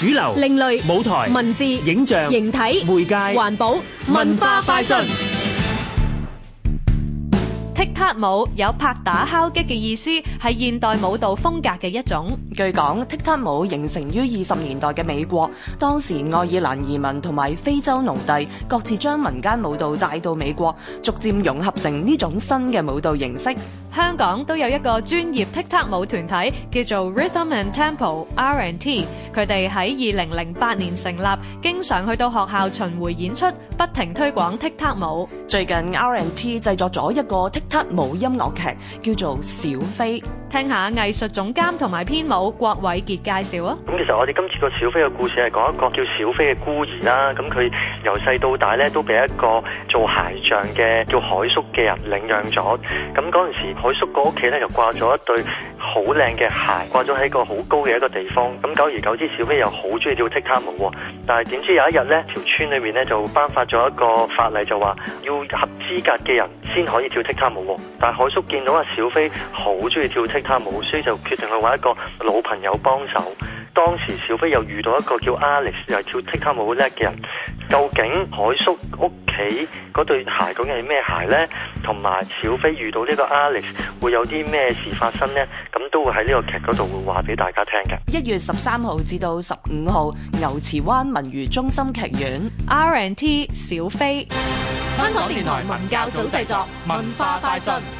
主流、另類舞台、文字、影像、形體、媒介、環保、文化快訊。踢踏舞有拍打敲擊嘅意思，係現代舞蹈風格嘅一種。據講，踢踏舞形成於二十年代嘅美國，當時愛爾蘭移民同埋非洲奴隸各自將民間舞蹈帶到美國，逐漸融合成呢種新嘅舞蹈形式。香港都有一個專業踢踏舞團體，叫做 Rhythm and Tempo（R&T）。佢哋喺二零零八年成立，經常去到學校巡迴演出，不停推廣踢踏舞。最近 R&T 製作咗一個踢踏舞音樂劇，叫做《小飛》。聽下藝術總監同埋編舞郭偉傑介紹啊。咁其實我哋今次個小飛嘅故事係講一個叫小飛嘅孤兒啦。咁佢由細到大咧，都俾一個做鞋匠嘅叫海叔嘅人領養咗。咁嗰陣時，海叔個屋企咧就掛咗一對好靚嘅鞋，掛咗喺個好高嘅一個地方。咁久而久之，小飛又好中意跳踢踏舞，哦。但係點知有一日呢，條村裏面呢就頒發咗一個法例就，就話要合資格嘅人先可以跳踢踏舞，哦。但係海叔見到阿小飛好中意跳踢踏舞，所以就決定去揾一個老朋友幫手。當時小飛又遇到一個叫 Alex 又係跳踢踏舞好叻嘅人。究竟海叔屋企嗰對鞋究竟係咩鞋呢？同埋小飛遇到呢個 Alex 會有啲咩事發生呢？咁都會喺呢個劇嗰度會話俾大家聽嘅。一月十三號至到十五號，牛池灣文娛中心劇院 R N T 小飛。香港電台文教組製作，文化快訊。